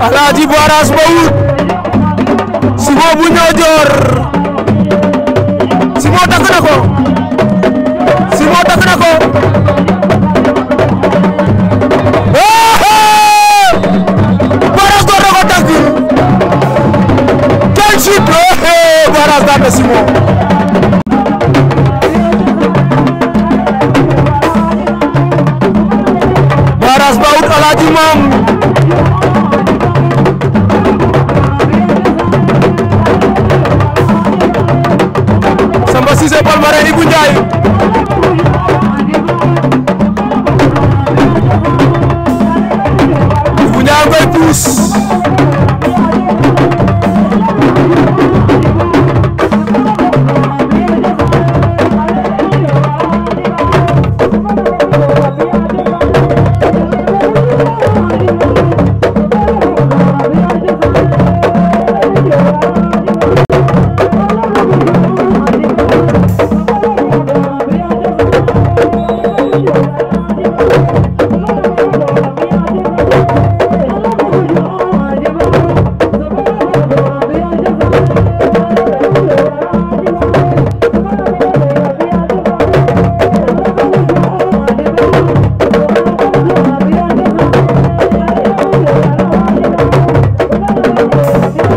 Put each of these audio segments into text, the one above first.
Alaaji Baras Bawut Simon bu Ñoojoor Simon takk na ko Simon takk na ko Baras door na ko takk quel chute Baras daan na Simon Baras Bawut Alaaji Maam Cissé Palmarin Ibou Ndiaye Ibou Ndiaye koy puus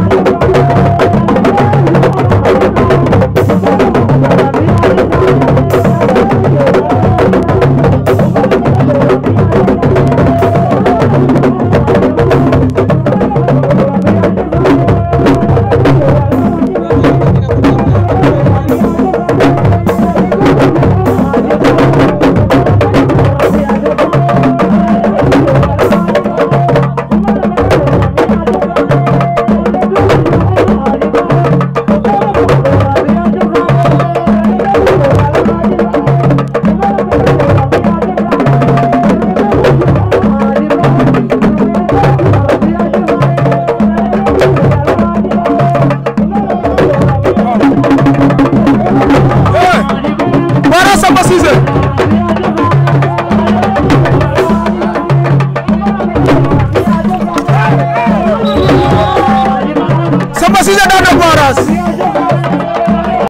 Thank you. Brasília dá meu coração.